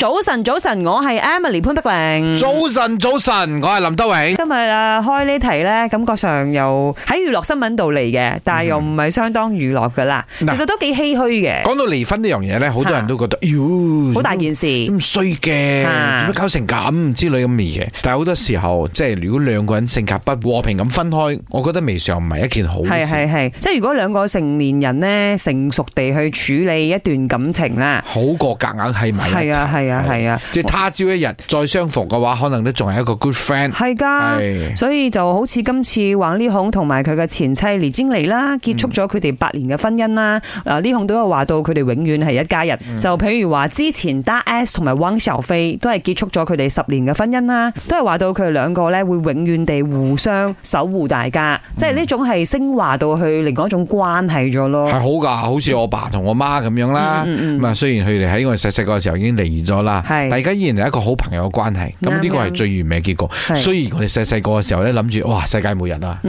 早晨，早晨，我係 Emily 潘碧玲。早晨，早晨，我係林德榮。今日啊，開呢題咧，感覺上又喺娛樂新聞度嚟嘅，但係又唔係相當娛樂噶啦。其實都幾唏噓嘅。講到離婚呢樣嘢咧，好多人都覺得，喲，好大件事，咁衰嘅，點解搞成咁之類咁嘅嘢。但係好多時候，即係如果兩個人性格不和平咁分開，我覺得未嘗唔係一件好事。係係係，即係如果兩個成年人咧成熟地去處理一段感情啦，好過夾硬係埋一齊。係啊，係。啊，係啊、嗯，的即係他朝一日再相逢嘅話，可能都仲係一個 good friend 的。係噶的，所以就好似今次王力宏同埋佢嘅前妻李靚蕾啦，結束咗佢哋八年嘅婚姻啦。啊、嗯，力宏都有話到佢哋永遠係一家人。嗯、就譬如話之前大 S 同埋汪小菲都係結束咗佢哋十年嘅婚姻啦，都係話到佢哋兩個咧會永遠地互相守護大家，嗯、即係呢種係升華到去另外一種關係咗咯。係好噶，好似我爸同我媽咁樣啦。咁啊，雖然佢哋喺我細細個時候已經離異咗。啦，係大家依然係一個好朋友嘅關係，咁呢個係最完美嘅結果。雖然我哋細細個嘅時候咧，諗住哇世界末日啊，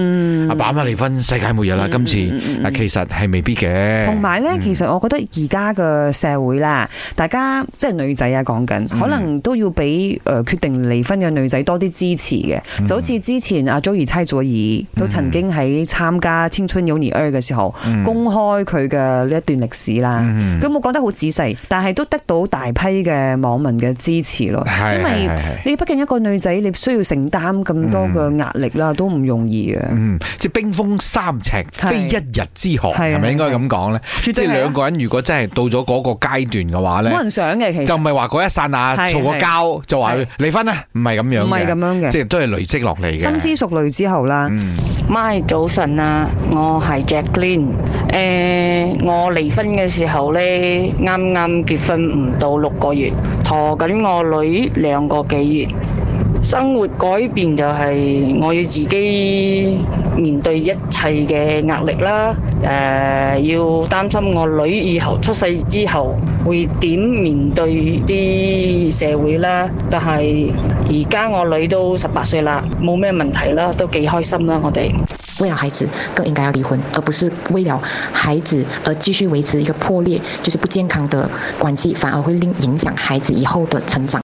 阿爸阿媽離婚，世界末日啦。今次嗱，其實係未必嘅。同埋咧，其實我覺得而家嘅社會啦，大家即係女仔啊，講緊可能都要俾誒決定離婚嘅女仔多啲支持嘅。就好似之前阿茱兒蔡祖兒都曾經喺參加《青春有你二》嘅時候，公開佢嘅呢一段歷史啦。佢冇講得好仔細，但係都得到大批嘅。網民嘅支持咯，因為你畢竟一個女仔，你需要承擔咁多嘅壓力啦，都唔容易嘅。嗯，即冰封三尺非一日之寒，係咪應該咁講咧？即兩個人如果真係到咗嗰個階段嘅話咧，冇人想嘅。其實就唔係話嗰一剎那嘈個交就話離婚啦，唔係咁樣，唔係咁樣嘅，即都係累積落嚟嘅。深思熟慮之後啦，My 早晨啊，我係 Jacqueline。誒，我離婚嘅時候咧，啱啱結婚唔到六個月，陀緊我女兩個幾月。生活改變就係我要自己面對一切嘅壓力啦，誒、呃、要擔心我女以後出世之後會點面對啲社會啦。但係而家我女都十八歲啦，冇咩問題啦，都幾開心啦，我哋。為了孩子，更應該要離婚，而不是為了孩子而繼續維持一個破裂，就是不健康嘅關係，反而會令影響孩子以後嘅成長。